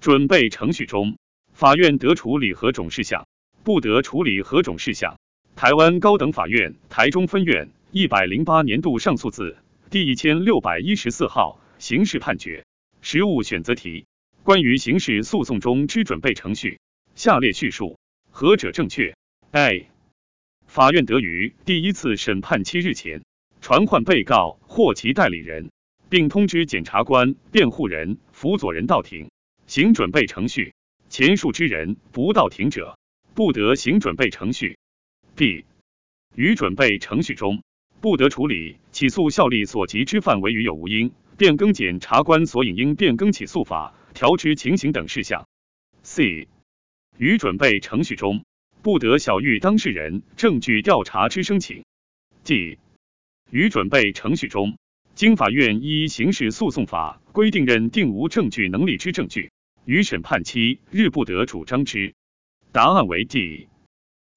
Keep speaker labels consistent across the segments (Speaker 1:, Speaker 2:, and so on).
Speaker 1: 準備程序中，法院得處理何種事項？不得處理何種事項？台灣高等法院台中分院一百零八年度上訴字第一千六百一十四號刑事判決，實務選擇題：關於刑事訴訟中之準備程序，下列敘述何者正確？A. 法院得於第一次審判七日前傳喚被告或其代理人，並通知檢察官、辯護人、輔佐人到庭。行準備程序，前述之人不到庭者，不得行準備程序。b. 於準備程序中，不得處理起訴效力所及之範圍與有無應變更檢察官所引應變更起訴法條之情形等事項。c. 於準備程序中，不得曉諭當事人證據調查之申請。d. 於準備程序中，經法院依刑事訴訟法規定認定無證據能力之證據。於審判期日不得主張之。答案為 D。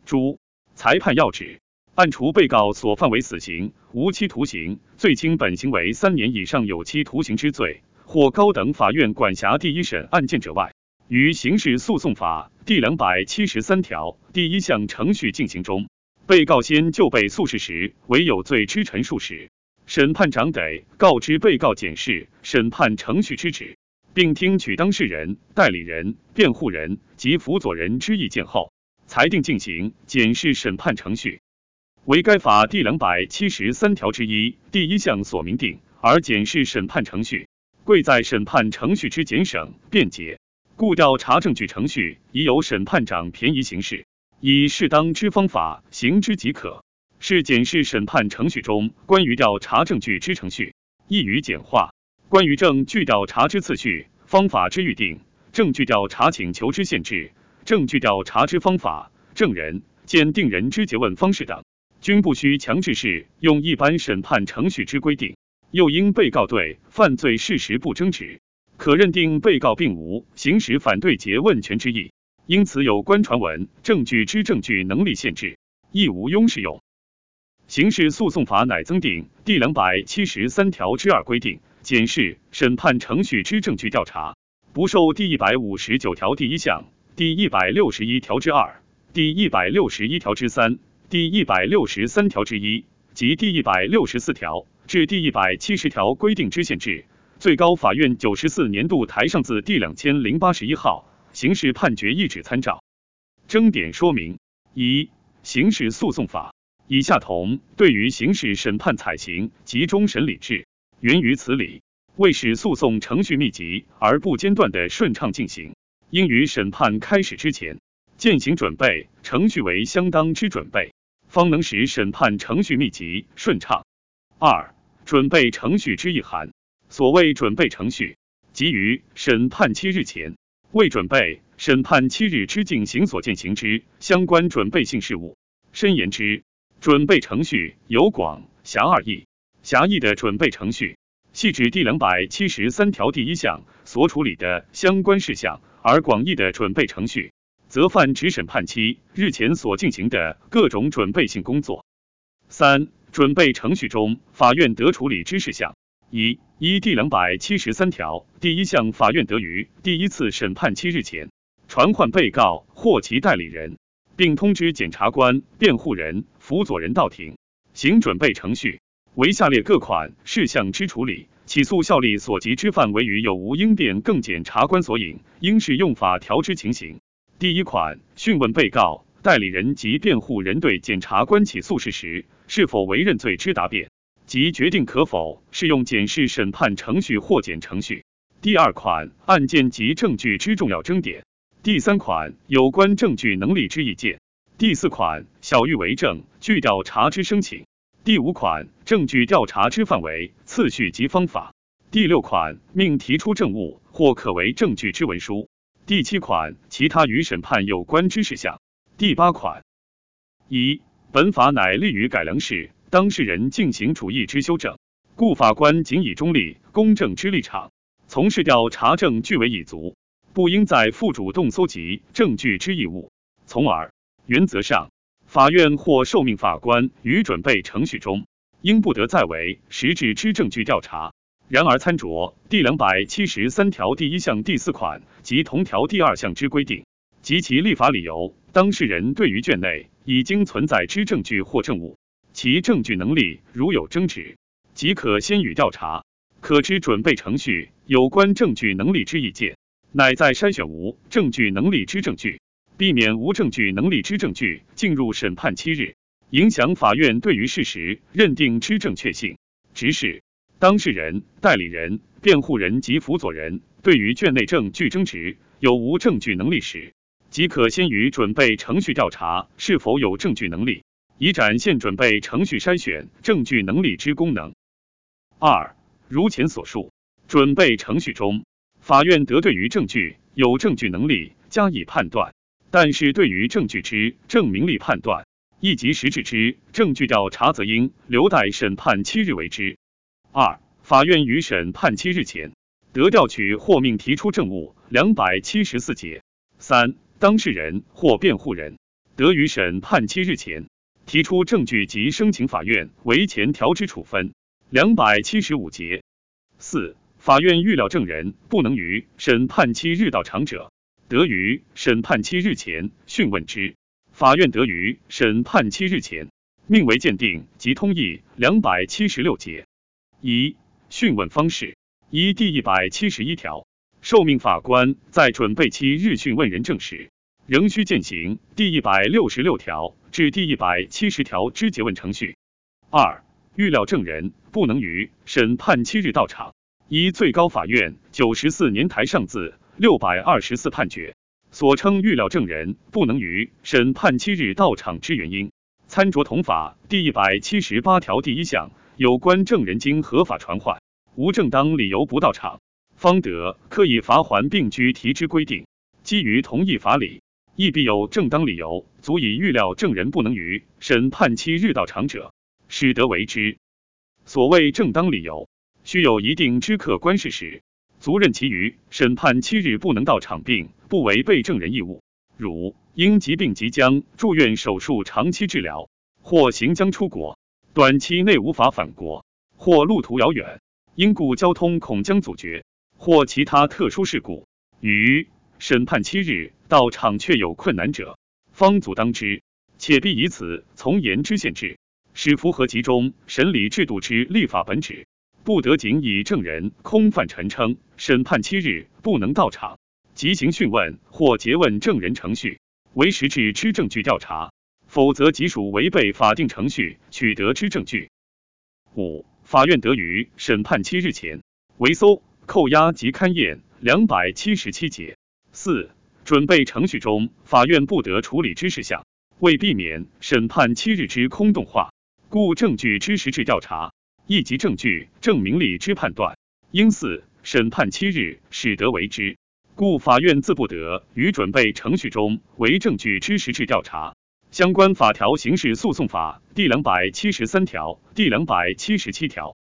Speaker 1: 註：裁判要旨，按除被告所犯為死刑、無期徒刑，最輕本刑為三年以上有期徒刑之罪，或高等法院管轄第一審案件者外，於刑事訴訟法第兩百七十三條第一項程序進行中，被告先就被訴事實為有罪之陳述時，審判長得告知被告簡式審判程序之旨。並聽取當事人、代理人、辯護人及輔佐人之意見後，裁定進行簡式審判程序，為該法第兩百七十三條之一第一項所明定。而簡式審判程序貴在審判程序之簡省便捷，故調查證據程序已有審判長便宜行事，以適當之方法行之即可，是簡式審判程序中關於調查證據之程序易於簡化。關於證據調查之次序、方法之預定、證據調查請求之限制、證據調查之方法、證人、鑑定人之詰問方式等，均不需強制適用一般審判程序之規定。又因被告對犯罪事實不爭執，可認定被告並無行使反對詰問權之意，因此有關傳聞證據之證據能力限制亦無庸適用。刑事訴訟法乃增訂第兩百七十三條之二規定。簡式審判程序之證據調查不受第一百五十九條第一項、第一百六十一條之二、第一百六十一條之三、第一百六十三條之一及第一百六十四條至第一百七十條規定之限制。最高法院九十四年度台上字第兩千零八十一號刑事判決意旨參照。爭點說明：一、刑事訴訟法以下同，對於刑事審判採行集中審理制。源於此理，為使訴訟程序密集而不間斷的順暢進行，應於審判開始之前，進行準備程序為相當之準備，方能使審判程序密集順暢。二、準備程序之意涵。所謂準備程序，即於審判七日前為準備審判七日之進行所進行之相關準備性事務。申言之，準備程序有廣狹二義。狹義的準備程序，係指第兩百七十三條第一項所處理的相關事項；而廣義的準備程序，則泛指審判期日前所進行的各種準備性工作。三、準備程序中，法院得處理之事項：一、依第兩百七十三條第一項，法院得於第一次審判期日前，傳喚被告或其代理人，並通知檢察官、辯護人、輔佐人到庭，行準備程序。為下列各款事項之處理，起訴效力所及之範圍與有無應變更檢察官所引應適用法條之情形。第一款，訊問被告、代理人及辯護人對檢察官起訴事實是否為認罪之答辯，及決定可否適用簡式審判程序或簡程序。第二款，案件及證據之重要爭點。第三款，有關證據能力之意見。第四款，曉諭為證據調查之申請。第五款，證據調查之範圍、次序及方法；第六款，命提出證物或可為證據之文書；第七款，其他與審判有關之事項；第八款，一，本法乃立於改良式當事人進行主義之修正，故法官僅以中立、公正之立場從事調查證據為已足，不應再負主動搜集證據之義務，從而原則上。法院或受命法官於準備程序中，應不得再為實質之證據調查。然而，參酌第兩百七十三條第一項第四款及同條第二項之規定及其立法理由，當事人對於卷內已經存在之證據或證物，其證據能力如有爭執，即可先予調查，可知準備程序有關證據能力之意見，乃在篩選無證據能力之證據。避免無證據能力之證據進入審判期日，影響法院對於事實認定之正確性。職是當事人、代理人、辯護人及輔佐人對於卷內證據爭執有無證據能力時，即可先於準備程序調查是否有證據能力，以展現準備程序篩選證據能力之功能。二、如前所述，準備程序中，法院得對於證據有證據能力加以判斷。但是對於證據之證明力判斷，以及實質之證據調查，則應留待審判七日為之。二、法院於審判七日前，得調取或命提出證物兩百七十四節。三、當事人或辯護人得於審判七日前提出證據及申請法院為前條之處分兩百七十五節。四、法院預料證人不能於審判七日到場者。得於審判期日前訊問之，法院得於審判期日前命為鑑定及通譯兩百七十六節。一訊問方式一第一百七十一條，受命法官在準備期日訊問人證時，仍需踐行第一百六十六條至第一百七十條之詰問程序。二預料證人不能於審判期日到場。一最高法院九十四年台上字，六百二十四判決所稱預料證人不能於審判期日到場之原因，參酌同法第一百七十八條第一項有關證人經合法傳喚，無正當理由不到場，方得科以罰鍰並拘提之規定，基於同一法理，亦必有正當理由足以預料證人不能於審判期日到場者，始得為之。所謂正當理由，須有一定之客觀事實。足認其余審判期日不能到場病，並不違背證人義務。如因疾病即將住院手術長期治療，或行將出國，短期內無法返國，或路途遙遠，因故交通恐將阻絕，或其他特殊事故，於審判期日到場確有困難者，方足當之，且必以此從嚴之限制，使符合集中審理制度之立法本旨。不得僅以證人空泛陳稱審判七日不能到場，即行訊問或詰問證人程序，為實質之證據調查，否則即屬違背法定程序取得之證據。五、法院得於審判七日前為搜、扣押及勘驗兩百七十七節。四、準備程序中，法院不得處理之事項，為避免審判七日之空洞化，故證據之實質調查。一級證據證明力之判斷，應俟審判期日始得為之，故法院自不得於準備程序中為證據之實質調查。相關法條：《刑事訴訟法》第兩百七十三條、第兩百七十七條。